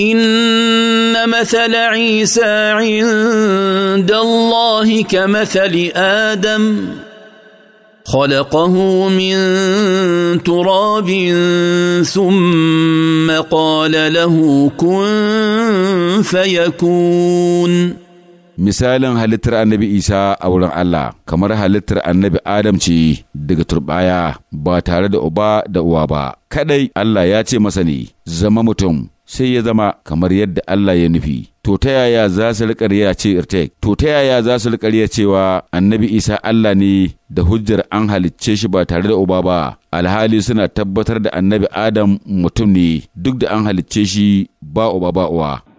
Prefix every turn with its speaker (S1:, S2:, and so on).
S1: ان مثل عيسى عند الله كمثل ادم خلقه من تراب ثم قال له كن فيكون misalin halittar
S2: annabi isa a wurin allah kamar halittar annabi adam ce daga turbaya ba tare da uba da uwa ba kadai allah ya ce masa ne zama mutum sai ya zama kamar yadda Allah ya nufi to ta yaya za su riƙa ce irtek to ta yaya za su cewa annabi isa Allah ne da hujjar an halicce shi ba tare da uba ba alhali suna tabbatar da annabi adam mutum ne duk da an halicce shi
S3: ba uba ba uwa